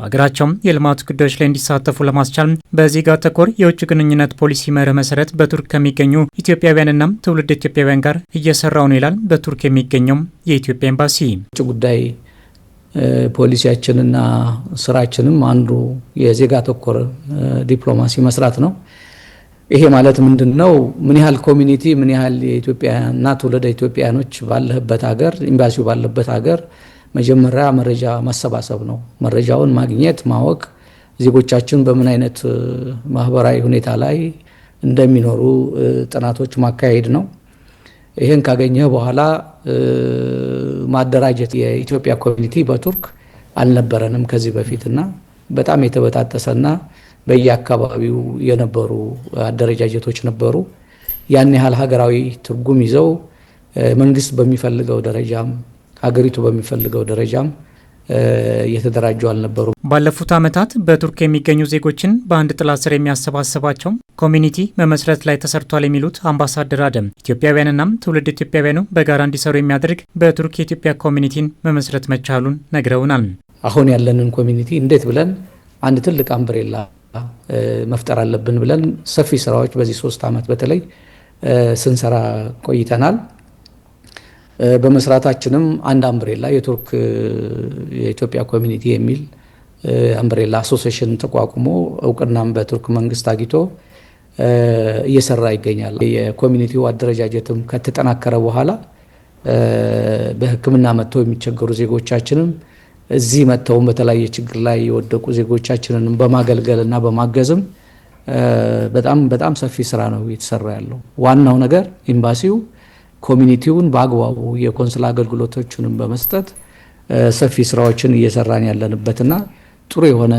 በሀገራቸውም የልማት ጉዳዮች ላይ እንዲሳተፉ ለማስቻል በዜጋ ተኮር የውጭ ግንኙነት ፖሊሲ መርህ መሰረት በቱርክ ከሚገኙ ኢትዮጵያውያንና ትውልድ ኢትዮጵያውያን ጋር እየሰራው ነው ይላል በቱርክ የሚገኘው የኢትዮጵያ ኤምባሲ። ውጭ ጉዳይ ፖሊሲያችንና ስራችንም አንዱ የዜጋ ተኮር ዲፕሎማሲ መስራት ነው። ይሄ ማለት ምንድን ነው? ምን ያህል ኮሚኒቲ ምን ያህል የኢትዮጵያና ትውልደ ኢትዮጵያኖች ባለህበት ሀገር ኤምባሲው ባለበት ሀገር መጀመሪያ መረጃ ማሰባሰብ ነው። መረጃውን ማግኘት ማወቅ፣ ዜጎቻችን በምን አይነት ማህበራዊ ሁኔታ ላይ እንደሚኖሩ ጥናቶች ማካሄድ ነው። ይህን ካገኘህ በኋላ ማደራጀት። የኢትዮጵያ ኮሚኒቲ በቱርክ አልነበረንም ከዚህ በፊት እና በጣም የተበጣጠሰና በየአካባቢው የነበሩ አደረጃጀቶች ነበሩ። ያን ያህል ሀገራዊ ትርጉም ይዘው መንግስት በሚፈልገው ደረጃም አገሪቱ በሚፈልገው ደረጃም የተደራጁ አልነበሩ። ባለፉት ዓመታት በቱርክ የሚገኙ ዜጎችን በአንድ ጥላ ስር የሚያሰባስባቸው ኮሚኒቲ መመስረት ላይ ተሰርቷል የሚሉት አምባሳደር አደም ኢትዮጵያውያንና ትውልድ ኢትዮጵያውያኑ በጋራ እንዲሰሩ የሚያደርግ በቱርክ የኢትዮጵያ ኮሚኒቲን መመስረት መቻሉን ነግረውናል። አሁን ያለንን ኮሚኒቲ እንዴት ብለን አንድ ትልቅ አምብሬላ መፍጠር አለብን ብለን ሰፊ ስራዎች በዚህ ሶስት ዓመት በተለይ ስንሰራ ቆይተናል። በመስራታችንም አንድ አምብሬላ የቱርክ የኢትዮጵያ ኮሚኒቲ የሚል አምብሬላ አሶሴሽን ተቋቁሞ እውቅናም በቱርክ መንግስት አግኝቶ እየሰራ ይገኛል። የኮሚኒቲው አደረጃጀትም ከተጠናከረ በኋላ በሕክምና መጥተው የሚቸገሩ ዜጎቻችንም እዚህ መጥተውም በተለያየ ችግር ላይ የወደቁ ዜጎቻችንንም በማገልገል እና በማገዝም በጣም በጣም ሰፊ ስራ ነው እየተሰራ ያለው። ዋናው ነገር ኤምባሲው ኮሚኒቲውን በአግባቡ የኮንስል አገልግሎቶቹንም በመስጠት ሰፊ ስራዎችን እየሰራን ያለንበትና ጥሩ የሆነ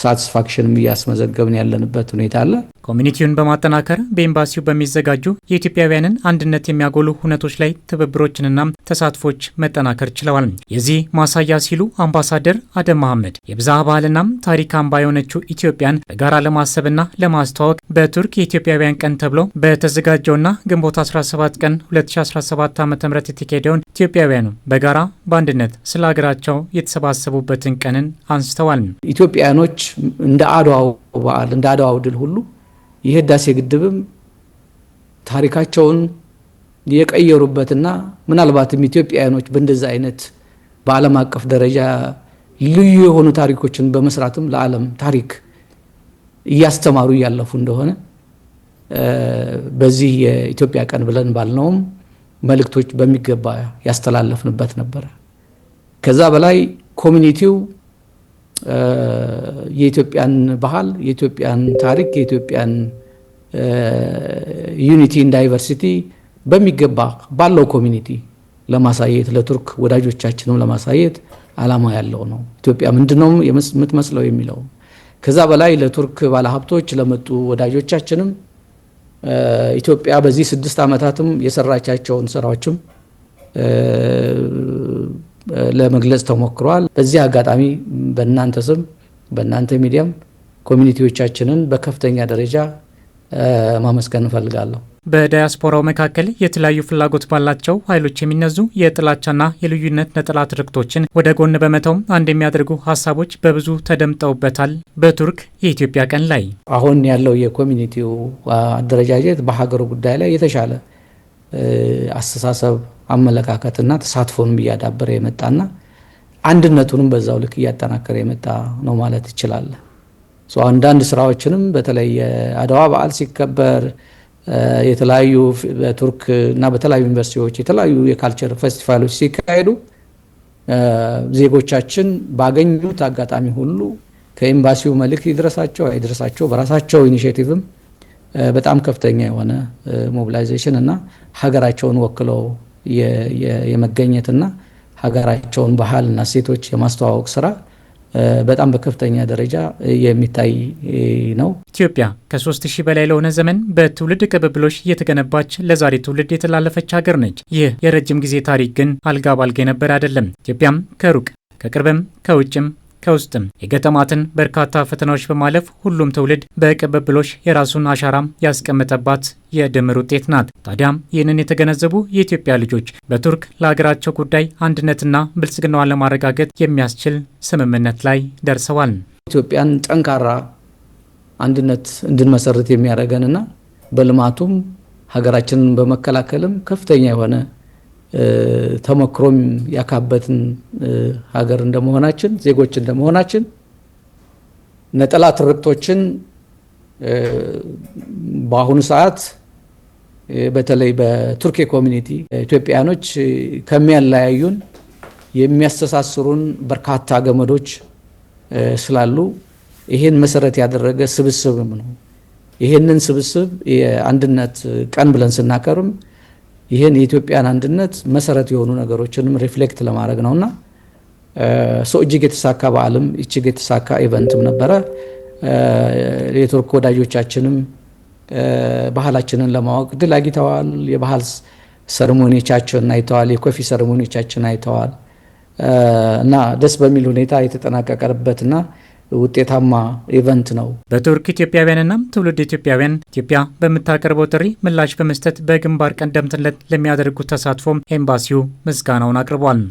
ሳትስፋክሽንም እያስመዘገብን ያለንበት ሁኔታ አለ። ኮሚኒቲውን በማጠናከር በኤምባሲው በሚዘጋጁ የኢትዮጵያውያንን አንድነት የሚያጎሉ ሁነቶች ላይ ትብብሮችንና ተሳትፎች መጠናከር ችለዋል። የዚህ ማሳያ ሲሉ አምባሳደር አደም መሐመድ የብዝሃ ባህልና ታሪክ አምባ የሆነችው ኢትዮጵያን በጋራ ለማሰብና ለማስተዋወቅ በቱርክ የኢትዮጵያውያን ቀን ተብሎ በተዘጋጀውና ግንቦት 17 ቀን 2017 ዓ ም የተካሄደውን ኢትዮጵያውያኑ በጋራ በአንድነት ስለ ሀገራቸው የተሰባሰቡበትን ቀንን አንስተዋል። ኢትዮጵያውያኖች እንደ አድዋው በዓል እንደ አድዋው ድል ሁሉ የህዳሴ ግድብም ታሪካቸውን የቀየሩበትና ምናልባትም ኢትዮጵያውያኖች በእንደዛ አይነት በዓለም አቀፍ ደረጃ ልዩ የሆኑ ታሪኮችን በመስራትም ለዓለም ታሪክ እያስተማሩ እያለፉ እንደሆነ በዚህ የኢትዮጵያ ቀን ብለን ባልነውም መልእክቶች በሚገባ ያስተላለፍንበት ነበረ። ከዛ በላይ ኮሚኒቲው የኢትዮጵያን ባህል፣ የኢትዮጵያን ታሪክ፣ የኢትዮጵያን ዩኒቲ እና ዳይቨርሲቲ በሚገባ ባለው ኮሚኒቲ ለማሳየት ለቱርክ ወዳጆቻችንም ለማሳየት አላማ ያለው ነው። ኢትዮጵያ ምንድነው የምትመስለው የሚለው ከዛ በላይ ለቱርክ ባለሀብቶች ለመጡ ወዳጆቻችንም ኢትዮጵያ በዚህ ስድስት ዓመታትም የሰራቻቸውን ስራዎችም ለመግለጽ ተሞክሯል። በዚህ አጋጣሚ በእናንተ ስም በእናንተ ሚዲያም ኮሚኒቲዎቻችንን በከፍተኛ ደረጃ ማመስገን እንፈልጋለሁ። በዳያስፖራው መካከል የተለያዩ ፍላጎት ባላቸው ኃይሎች የሚነዙ የጥላቻና የልዩነት ነጠላ ትርክቶችን ወደ ጎን በመተው አንድ የሚያደርጉ ሀሳቦች በብዙ ተደምጠውበታል። በቱርክ የኢትዮጵያ ቀን ላይ አሁን ያለው የኮሚኒቲው አደረጃጀት በሀገር ጉዳይ ላይ የተሻለ አስተሳሰብ አመለካከትና ተሳትፎንም እያዳበረ የመጣና አንድነቱንም በዛው ልክ እያጠናከረ የመጣ ነው ማለት ይችላል። አንዳንድ ስራዎችንም በተለይ የአድዋ በዓል ሲከበር የተለያዩ በቱርክ እና በተለያዩ ዩኒቨርሲቲዎች የተለያዩ የካልቸር ፌስቲቫሎች ሲካሄዱ ዜጎቻችን ባገኙት አጋጣሚ ሁሉ ከኤምባሲው መልእክት ይድረሳቸው አይድረሳቸው በራሳቸው ኢኒሽቲቭም በጣም ከፍተኛ የሆነ ሞቢላይዜሽን እና ሀገራቸውን ወክለው የመገኘትና ሀገራቸውን ባህልና እሴቶች የማስተዋወቅ ስራ በጣም በከፍተኛ ደረጃ የሚታይ ነው። ኢትዮጵያ ከ3000 በላይ ለሆነ ዘመን በትውልድ ቅብብሎች እየተገነባች ለዛሬ ትውልድ የተላለፈች ሀገር ነች። ይህ የረጅም ጊዜ ታሪክ ግን አልጋ ባልጋ የነበረ አይደለም። ኢትዮጵያም ከሩቅ ከቅርብም ከውጭም ከውስጥም የገጠማትን በርካታ ፈተናዎች በማለፍ ሁሉም ትውልድ በቅብብሎሽ የራሱን አሻራም ያስቀመጠባት የድምር ውጤት ናት። ታዲያም ይህንን የተገነዘቡ የኢትዮጵያ ልጆች በቱርክ ለሀገራቸው ጉዳይ አንድነትና ብልጽግናዋን ለማረጋገጥ የሚያስችል ስምምነት ላይ ደርሰዋል። ኢትዮጵያን ጠንካራ አንድነት እንድንመሰርት የሚያደርገንና በልማቱም ሀገራችንን በመከላከልም ከፍተኛ የሆነ ተሞክሮም ያካበትን ሀገር እንደመሆናችን ዜጎች እንደመሆናችን ነጠላ ትርክቶችን በአሁኑ ሰዓት በተለይ በቱርክ ኮሚኒቲ ኢትዮጵያኖች ከሚያለያዩን የሚያስተሳስሩን በርካታ ገመዶች ስላሉ ይህን መሰረት ያደረገ ስብስብም ነው። ይህንን ስብስብ የአንድነት ቀን ብለን ስናከርም ይህን የኢትዮጵያን አንድነት መሰረት የሆኑ ነገሮችንም ሪፍሌክት ለማድረግ ነውና ሰው እጅግ የተሳካ በዓልም እጅግ የተሳካ ኢቨንትም ነበረ። የቱርክ ወዳጆቻችንም ባህላችንን ለማወቅ ድል አግኝተዋል። የባህል ሰርሞኒዎቻችንን አይተዋል። የኮፊ ሰርሞኒቻችን አይተዋል እና ደስ በሚል ሁኔታ የተጠናቀቀበትና ውጤታማ ኢቨንት ነው። በቱርክ ኢትዮጵያውያንና ትውልድ ኢትዮጵያውያን ኢትዮጵያ በምታቀርበው ጥሪ ምላሽ በመስጠት በግንባር ቀደምትነት ለሚያደርጉት ተሳትፎም ኤምባሲው ምስጋናውን አቅርቧል።